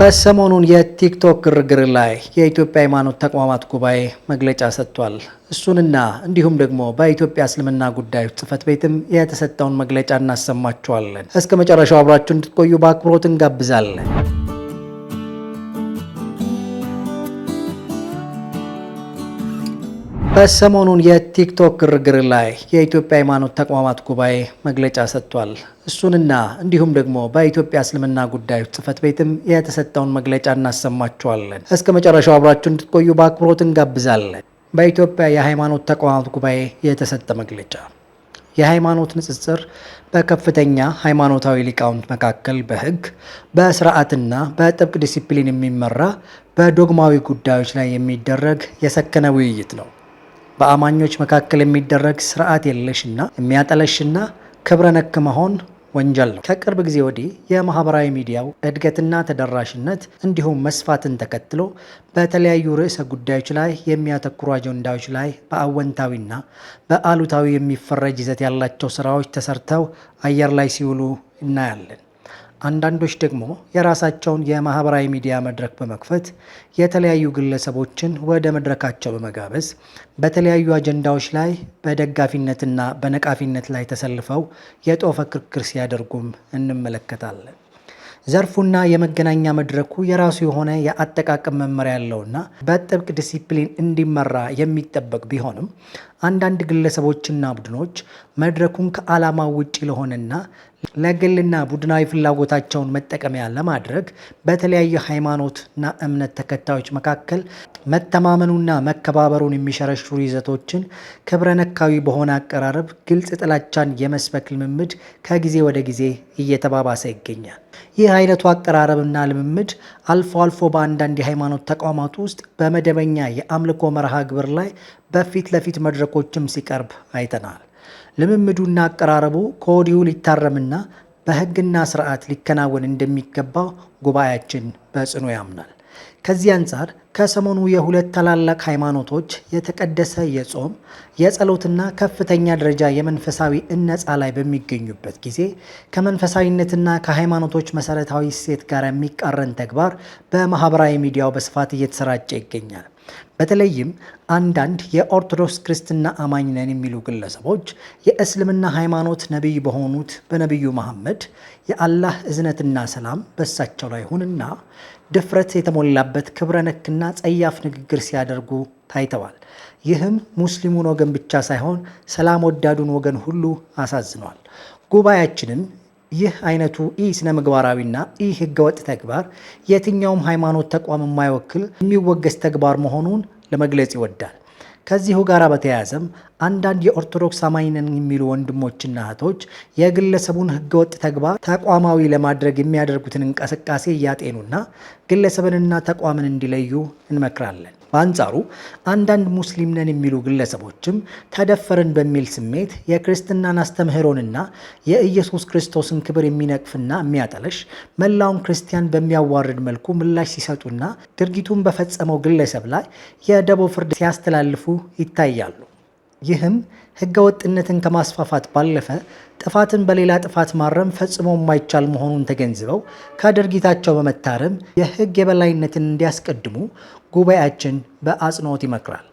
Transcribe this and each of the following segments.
በሰሞኑን የቲክቶክ ግርግር ላይ የኢትዮጵያ ሃይማኖት ተቋማት ጉባኤ መግለጫ ሰጥቷል። እሱንና እንዲሁም ደግሞ በኢትዮጵያ እስልምና ጉዳዮች ጽፈት ቤትም የተሰጠውን መግለጫ እናሰማችኋለን። እስከ መጨረሻው አብራችሁ እንድትቆዩ በአክብሮት እንጋብዛለን። በሰሞኑን የቲክቶክ ግርግር ላይ የኢትዮጵያ ሃይማኖት ተቋማት ጉባኤ መግለጫ ሰጥቷል። እሱንና እንዲሁም ደግሞ በኢትዮጵያ እስልምና ጉዳዮች ጽህፈት ቤትም የተሰጠውን መግለጫ እናሰማችኋለን። እስከ መጨረሻው አብራችሁ እንድትቆዩ በአክብሮት እንጋብዛለን። በኢትዮጵያ የሃይማኖት ተቋማት ጉባኤ የተሰጠ መግለጫ የሃይማኖት ንጽጽር በከፍተኛ ሃይማኖታዊ ሊቃውንት መካከል በህግ በስርዓትና በጥብቅ ዲሲፕሊን የሚመራ በዶግማዊ ጉዳዮች ላይ የሚደረግ የሰከነ ውይይት ነው። በአማኞች መካከል የሚደረግ ስርዓት የለሽና የሚያጠለሽና ክብረ ነክ መሆን ወንጀል ነው። ከቅርብ ጊዜ ወዲህ የማህበራዊ ሚዲያው እድገትና ተደራሽነት እንዲሁም መስፋትን ተከትሎ በተለያዩ ርዕሰ ጉዳዮች ላይ የሚያተኩሩ አጀንዳዎች ላይ በአወንታዊና በአሉታዊ የሚፈረጅ ይዘት ያላቸው ስራዎች ተሰርተው አየር ላይ ሲውሉ እናያለን። አንዳንዶች ደግሞ የራሳቸውን የማህበራዊ ሚዲያ መድረክ በመክፈት የተለያዩ ግለሰቦችን ወደ መድረካቸው በመጋበዝ በተለያዩ አጀንዳዎች ላይ በደጋፊነትና በነቃፊነት ላይ ተሰልፈው የጦፈ ክርክር ሲያደርጉም እንመለከታለን። ዘርፉና የመገናኛ መድረኩ የራሱ የሆነ የአጠቃቀም መመሪያ ያለውና በጥብቅ ዲሲፕሊን እንዲመራ የሚጠበቅ ቢሆንም አንዳንድ ግለሰቦችና ቡድኖች መድረኩን ከዓላማ ውጪ ለሆነና ለግልና ቡድናዊ ፍላጎታቸውን መጠቀሚያ ለማድረግ በተለያየ ሃይማኖትና እምነት ተከታዮች መካከል መተማመኑና መከባበሩን የሚሸረሽሩ ይዘቶችን ክብረ ነካዊ በሆነ አቀራረብ ግልጽ ጥላቻን የመስበክ ልምምድ ከጊዜ ወደ ጊዜ እየተባባሰ ይገኛል። ይህ አይነቱ አቀራረብና ልምምድ አልፎ አልፎ በአንዳንድ የሃይማኖት ተቋማት ውስጥ በመደበኛ የአምልኮ መርሃ ግብር ላይ በፊት ለፊት መድረኮችም ሲቀርብ አይተናል። ልምምዱና አቀራረቡ ከወዲሁ ሊታረምና በሕግና ስርዓት ሊከናወን እንደሚገባ ጉባኤያችን በጽኑ ያምናል። ከዚህ አንጻር ከሰሞኑ የሁለት ታላላቅ ሃይማኖቶች የተቀደሰ የጾም የጸሎትና ከፍተኛ ደረጃ የመንፈሳዊ እነጻ ላይ በሚገኙበት ጊዜ ከመንፈሳዊነትና ከሃይማኖቶች መሰረታዊ እሴት ጋር የሚቃረን ተግባር በማህበራዊ ሚዲያው በስፋት እየተሰራጨ ይገኛል። በተለይም አንዳንድ የኦርቶዶክስ ክርስትና አማኝ ነን የሚሉ ግለሰቦች የእስልምና ሃይማኖት ነቢይ በሆኑት በነቢዩ መሐመድ የአላህ እዝነትና ሰላም በሳቸው ላይ ይሁንና ድፍረት የተሞላበት ክብረ ነክና ጸያፍ ንግግር ሲያደርጉ ታይተዋል። ይህም ሙስሊሙን ወገን ብቻ ሳይሆን ሰላም ወዳዱን ወገን ሁሉ አሳዝኗል። ጉባኤያችንን ይህ አይነቱ ኢ ስነ ምግባራዊና ኢ ህገወጥ ተግባር የትኛውም ሃይማኖት ተቋም የማይወክል የሚወገስ ተግባር መሆኑን ለመግለጽ ይወዳል። ከዚሁ ጋር በተያያዘም አንዳንድ የኦርቶዶክስ አማኝ ነን የሚሉ ወንድሞችና እህቶች የግለሰቡን ህገወጥ ተግባር ተቋማዊ ለማድረግ የሚያደርጉትን እንቅስቃሴ እያጤኑና ግለሰብንና ተቋምን እንዲለዩ እንመክራለን። በአንጻሩ አንዳንድ ሙስሊም ነን የሚሉ ግለሰቦችም ተደፈርን በሚል ስሜት የክርስትናን አስተምህሮንና የኢየሱስ ክርስቶስን ክብር የሚነቅፍና የሚያጠለሽ መላውን ክርስቲያን በሚያዋርድ መልኩ ምላሽ ሲሰጡና ድርጊቱን በፈጸመው ግለሰብ ላይ የደቦ ፍርድ ሲያስተላልፉ ይታያሉ። ይህም ህገወጥነትን ከማስፋፋት ባለፈ ጥፋትን በሌላ ጥፋት ማረም ፈጽሞ የማይቻል መሆኑን ተገንዝበው ከድርጊታቸው በመታረም የህግ የበላይነትን እንዲያስቀድሙ ጉባኤያችን በአጽንኦት ይመክራል።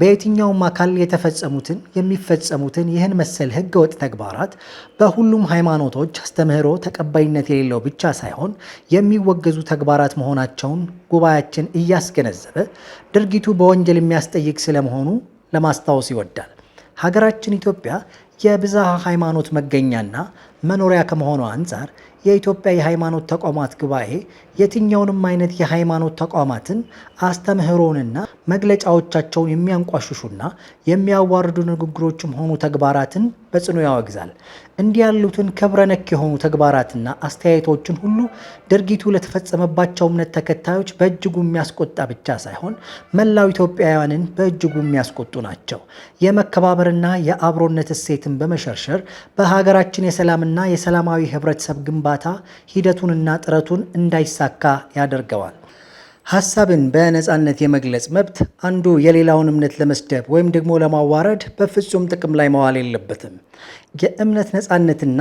በየትኛውም አካል የተፈጸሙትን የሚፈጸሙትን ይህን መሰል ህገወጥ ተግባራት በሁሉም ሃይማኖቶች አስተምህሮ ተቀባይነት የሌለው ብቻ ሳይሆን የሚወገዙ ተግባራት መሆናቸውን ጉባኤያችን እያስገነዘበ ድርጊቱ በወንጀል የሚያስጠይቅ ስለመሆኑ ለማስታወስ ይወዳል። ሀገራችን ኢትዮጵያ የብዝሃ ሃይማኖት መገኛና መኖሪያ ከመሆኗ አንጻር የኢትዮጵያ የሃይማኖት ተቋማት ጉባኤ የትኛውንም አይነት የሃይማኖት ተቋማትን አስተምህሮንና መግለጫዎቻቸውን የሚያንቋሽሹና የሚያዋርዱ ንግግሮችም ሆኑ ተግባራትን በጽኑ ያወግዛል። እንዲህ ያሉትን ክብረ ነክ የሆኑ ተግባራትና አስተያየቶችን ሁሉ ድርጊቱ ለተፈጸመባቸው እምነት ተከታዮች በእጅጉ የሚያስቆጣ ብቻ ሳይሆን መላው ኢትዮጵያውያንን በእጅጉ የሚያስቆጡ ናቸው። የመከባበርና የአብሮነት እሴትን በመሸርሸር በሀገራችን የሰላምና የሰላማዊ ህብረተሰብ ግንባታ ሂደቱንና ጥረቱን እንዳይሳ እንዲሳካ ያደርገዋል። ሀሳብን በነፃነት የመግለጽ መብት አንዱ የሌላውን እምነት ለመስደብ ወይም ደግሞ ለማዋረድ በፍጹም ጥቅም ላይ መዋል የለበትም። የእምነት ነፃነትና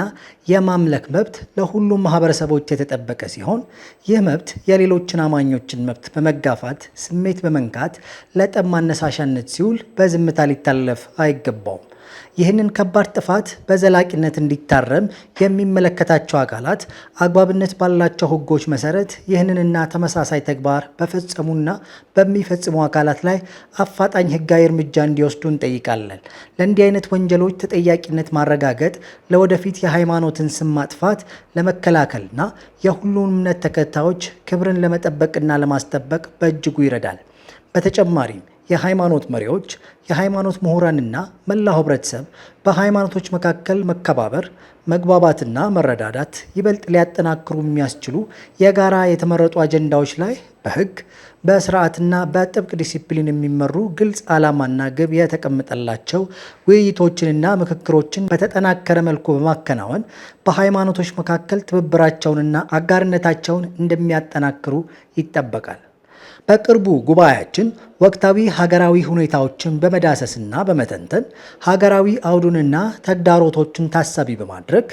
የማምለክ መብት ለሁሉም ማህበረሰቦች የተጠበቀ ሲሆን ይህ መብት የሌሎችን አማኞችን መብት በመጋፋት ስሜት በመንካት ለጠብ ማነሳሻነት ሲውል በዝምታ ሊታለፍ አይገባውም። ይህንን ከባድ ጥፋት በዘላቂነት እንዲታረም የሚመለከታቸው አካላት አግባብነት ባላቸው ሕጎች መሰረት ይህንንና ተመሳሳይ ተግባር በፈጸሙና በሚፈጽሙ አካላት ላይ አፋጣኝ ሕጋዊ እርምጃ እንዲወስዱ እንጠይቃለን። ለእንዲህ አይነት ወንጀሎች ተጠያቂነት ማረጋገጥ ለወደፊት የሃይማኖትን ስም ማጥፋት ለመከላከልና የሁሉን እምነት ተከታዮች ክብርን ለመጠበቅና ለማስጠበቅ በእጅጉ ይረዳል። በተጨማሪም የሃይማኖት መሪዎች፣ የሃይማኖት ምሁራንና መላው ህብረተሰብ በሃይማኖቶች መካከል መከባበር፣ መግባባትና መረዳዳት ይበልጥ ሊያጠናክሩ የሚያስችሉ የጋራ የተመረጡ አጀንዳዎች ላይ በህግ በስርዓትና በጥብቅ ዲሲፕሊን የሚመሩ ግልጽ ዓላማና ግብ የተቀመጠላቸው ውይይቶችንና ምክክሮችን በተጠናከረ መልኩ በማከናወን በሃይማኖቶች መካከል ትብብራቸውንና አጋርነታቸውን እንደሚያጠናክሩ ይጠበቃል። በቅርቡ ጉባኤያችን ወቅታዊ ሀገራዊ ሁኔታዎችን በመዳሰስና በመተንተን ሀገራዊ አውዱንና ተግዳሮቶችን ታሳቢ በማድረግ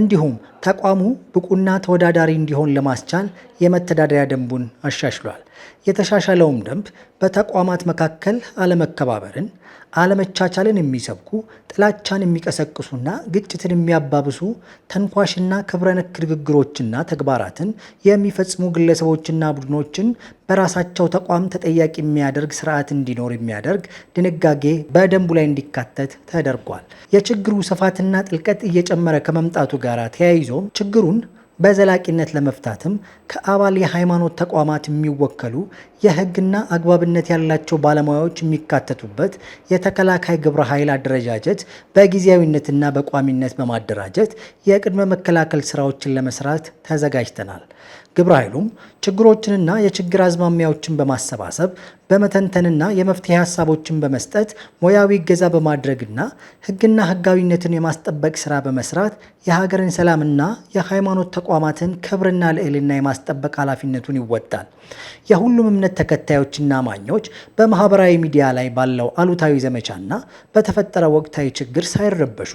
እንዲሁም ተቋሙ ብቁና ተወዳዳሪ እንዲሆን ለማስቻል የመተዳደሪያ ደንቡን አሻሽሏል። የተሻሻለውም ደንብ በተቋማት መካከል አለመከባበርን፣ አለመቻቻልን የሚሰብኩ ጥላቻን የሚቀሰቅሱና ግጭትን የሚያባብሱ ተንኳሽና ነክ ንግግሮችና ተግባራትን የሚፈጽሙ ግለሰቦችና ቡድኖችን በራሳቸው ተቋም ተጠያቂ የሚያደርግ የሚያደርግ ስርዓት እንዲኖር የሚያደርግ ድንጋጌ በደንቡ ላይ እንዲካተት ተደርጓል። የችግሩ ስፋትና ጥልቀት እየጨመረ ከመምጣቱ ጋር ተያይዞ ችግሩን በዘላቂነት ለመፍታትም ከአባል የሃይማኖት ተቋማት የሚወከሉ የህግና አግባብነት ያላቸው ባለሙያዎች የሚካተቱበት የተከላካይ ግብረ ኃይል አደረጃጀት በጊዜያዊነትና በቋሚነት በማደራጀት የቅድመ መከላከል ስራዎችን ለመስራት ተዘጋጅተናል። ግብረ ኃይሉም ችግሮችንና የችግር አዝማሚያዎችን በማሰባሰብ በመተንተንና የመፍትሄ ሀሳቦችን በመስጠት ሙያዊ እገዛ በማድረግና ሕግና ሕጋዊነትን የማስጠበቅ ስራ በመስራት የሀገርን ሰላምና የሃይማኖት ተቋማትን ክብርና ልዕልና የማስጠበቅ ኃላፊነቱን ይወጣል። የሁሉም እምነት ተከታዮችና አማኞች በማህበራዊ ሚዲያ ላይ ባለው አሉታዊ ዘመቻና በተፈጠረው ወቅታዊ ችግር ሳይረበሹ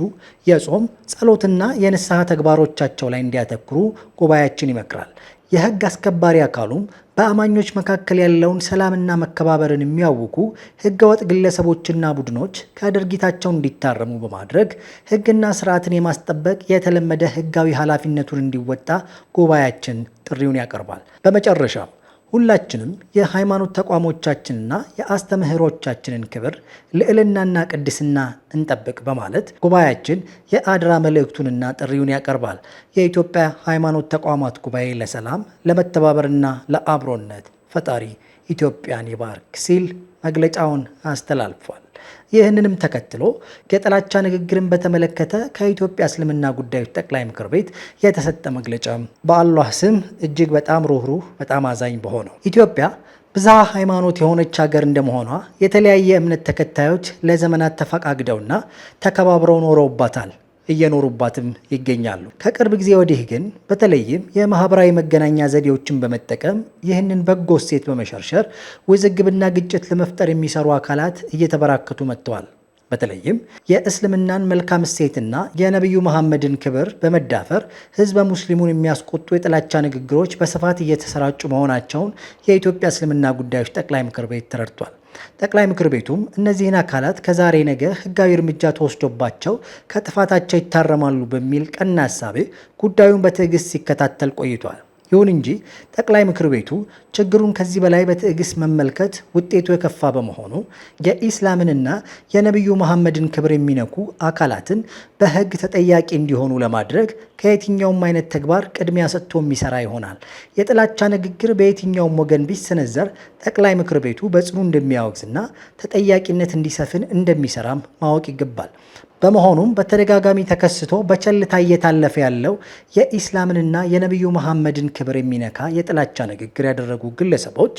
የጾም ጸሎትና የንስሐ ተግባሮቻቸው ላይ እንዲያተኩሩ ጉባኤያችን ይመክራል። የህግ አስከባሪ አካሉም በአማኞች መካከል ያለውን ሰላምና መከባበርን የሚያውኩ ህገወጥ ግለሰቦችና ቡድኖች ከድርጊታቸው እንዲታረሙ በማድረግ ህግና ስርዓትን የማስጠበቅ የተለመደ ህጋዊ ኃላፊነቱን እንዲወጣ ጉባኤያችን ጥሪውን ያቀርባል። በመጨረሻም ሁላችንም የሃይማኖት ተቋሞቻችንና የአስተምህሮቻችንን ክብር ልዕልናና ቅድስና እንጠብቅ በማለት ጉባኤያችን የአድራ መልእክቱንና ጥሪውን ያቀርባል። የኢትዮጵያ ሃይማኖት ተቋማት ጉባኤ ለሰላም ለመተባበርና ለአብሮነት ፈጣሪ ኢትዮጵያን ይባርክ ሲል መግለጫውን አስተላልፏል። ይህንንም ተከትሎ የጥላቻ ንግግርን በተመለከተ ከኢትዮጵያ እስልምና ጉዳዮች ጠቅላይ ምክር ቤት የተሰጠ መግለጫ በአላህ ስም እጅግ በጣም ሩህሩህ በጣም አዛኝ በሆነው ኢትዮጵያ ብዝሃ ሃይማኖት የሆነች ሀገር እንደመሆኗ የተለያየ እምነት ተከታዮች ለዘመናት ተፈቃግደውና ተከባብረው ኖረውባታል። እየኖሩባትም ይገኛሉ። ከቅርብ ጊዜ ወዲህ ግን በተለይም የማህበራዊ መገናኛ ዘዴዎችን በመጠቀም ይህንን በጎ እሴት በመሸርሸር ውዝግብና ግጭት ለመፍጠር የሚሰሩ አካላት እየተበራከቱ መጥተዋል። በተለይም የእስልምናን መልካም እሴትና የነቢዩ መሐመድን ክብር በመዳፈር ህዝበ ሙስሊሙን የሚያስቆጡ የጥላቻ ንግግሮች በስፋት እየተሰራጩ መሆናቸውን የኢትዮጵያ እስልምና ጉዳዮች ጠቅላይ ምክር ቤት ተረድቷል። ጠቅላይ ምክር ቤቱም እነዚህን አካላት ከዛሬ ነገ ህጋዊ እርምጃ ተወስዶባቸው ከጥፋታቸው ይታረማሉ በሚል ቀና ሀሳቤ ጉዳዩን በትዕግስት ሲከታተል ቆይቷል። ይሁን እንጂ ጠቅላይ ምክር ቤቱ ችግሩን ከዚህ በላይ በትዕግስት መመልከት ውጤቱ የከፋ በመሆኑ የኢስላምንና የነቢዩ መሐመድን ክብር የሚነኩ አካላትን በሕግ ተጠያቂ እንዲሆኑ ለማድረግ ከየትኛውም አይነት ተግባር ቅድሚያ ሰጥቶ የሚሰራ ይሆናል። የጥላቻ ንግግር በየትኛውም ወገን ቢሰነዘር ጠቅላይ ምክር ቤቱ በጽኑ እንደሚያወግዝና ተጠያቂነት እንዲሰፍን እንደሚሰራም ማወቅ ይገባል። በመሆኑም በተደጋጋሚ ተከስቶ በቸልታ እየታለፈ ያለው የኢስላምንና የነቢዩ መሐመድን ክብር የሚነካ የጥላቻ ንግግር ያደረጉ ግለሰቦች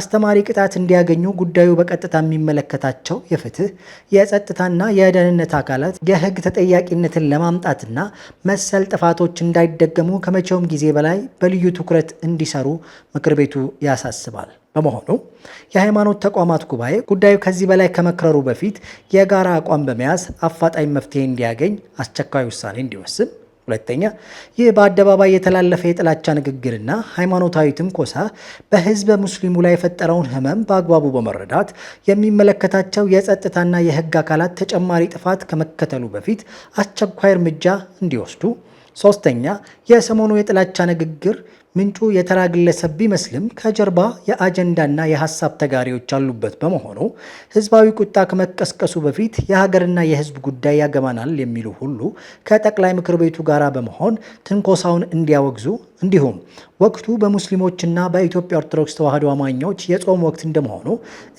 አስተማሪ ቅጣት እንዲያገኙ ጉዳዩ በቀጥታ የሚመለከታቸው የፍትህ፣ የጸጥታና የደህንነት አካላት የህግ ተጠያቂነትን ለማምጣትና መሰል ጥፋቶች እንዳይደገሙ ከመቼውም ጊዜ በላይ በልዩ ትኩረት እንዲሰሩ ምክር ቤቱ ያሳስባል። በመሆኑ የሃይማኖት ተቋማት ጉባኤ ጉዳዩ ከዚህ በላይ ከመክረሩ በፊት የጋራ አቋም በመያዝ አፋጣኝ መፍትሄ እንዲያገኝ አስቸኳይ ውሳኔ እንዲወስን ሁለተኛ፣ ይህ በአደባባይ የተላለፈ የጥላቻ ንግግርና ሃይማኖታዊ ትንኮሳ በህዝበ ሙስሊሙ ላይ የፈጠረውን ህመም በአግባቡ በመረዳት የሚመለከታቸው የጸጥታና የህግ አካላት ተጨማሪ ጥፋት ከመከተሉ በፊት አስቸኳይ እርምጃ እንዲወስዱ። ሶስተኛ፣ የሰሞኑ የጥላቻ ንግግር ምንጩ የተራ ግለሰብ ቢመስልም ከጀርባ የአጀንዳና የሀሳብ ተጋሪዎች ያሉበት በመሆኑ ህዝባዊ ቁጣ ከመቀስቀሱ በፊት የሀገርና የህዝብ ጉዳይ ያገባናል የሚሉ ሁሉ ከጠቅላይ ምክር ቤቱ ጋር በመሆን ትንኮሳውን እንዲያወግዙ እንዲሁም ወቅቱ በሙስሊሞችና በኢትዮጵያ ኦርቶዶክስ ተዋሕዶ አማኞች የጾም ወቅት እንደመሆኑ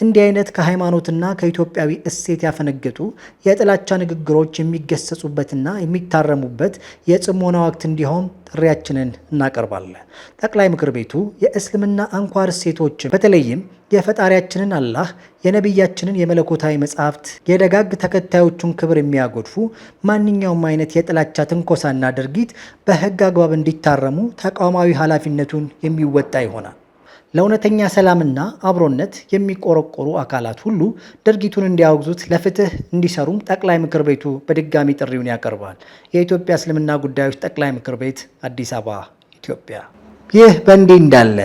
እንዲህ አይነት ከሃይማኖትና ከኢትዮጵያዊ እሴት ያፈነገጡ የጥላቻ ንግግሮች የሚገሰጹበትና የሚታረሙበት የጽሞና ወቅት እንዲሆን ጥሪያችንን እናቀርባለን። ጠቅላይ ምክር ቤቱ የእስልምና አንኳር እሴቶችን በተለይም የፈጣሪያችንን አላህ የነቢያችንን የመለኮታዊ መጻሕፍት የደጋግ ተከታዮቹን ክብር የሚያጎድፉ ማንኛውም አይነት የጥላቻ ትንኮሳና ድርጊት በሕግ አግባብ እንዲታረሙ ተቋማዊ ኃላፊነቱን የሚወጣ ይሆናል። ለእውነተኛ ሰላምና አብሮነት የሚቆረቆሩ አካላት ሁሉ ድርጊቱን እንዲያወግዙት ለፍትህ እንዲሰሩም ጠቅላይ ምክር ቤቱ በድጋሚ ጥሪውን ያቀርባል። የኢትዮጵያ እስልምና ጉዳዮች ጠቅላይ ምክር ቤት አዲስ አበባ፣ ኢትዮጵያ። ይህ በእንዲህ እንዳለ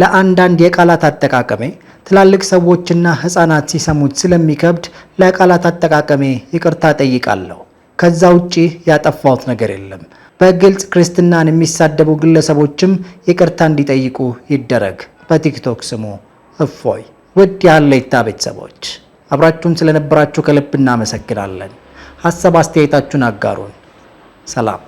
ለአንዳንድ የቃላት አጠቃቀሜ ትላልቅ ሰዎችና ሕፃናት ሲሰሙት ስለሚከብድ ለቃላት አጠቃቀሜ ይቅርታ ጠይቃለሁ። ከዛ ውጪ ያጠፋሁት ነገር የለም። በግልጽ ክርስትናን የሚሳደቡ ግለሰቦችም ይቅርታ እንዲጠይቁ ይደረግ። በቲክቶክ ስሙ እፎይ። ውድ የሀሌታ ቤተሰቦች አብራችሁን ስለነበራችሁ ከልብ እናመሰግናለን። ሀሳብ አስተያየታችሁን አጋሩን። ሰላም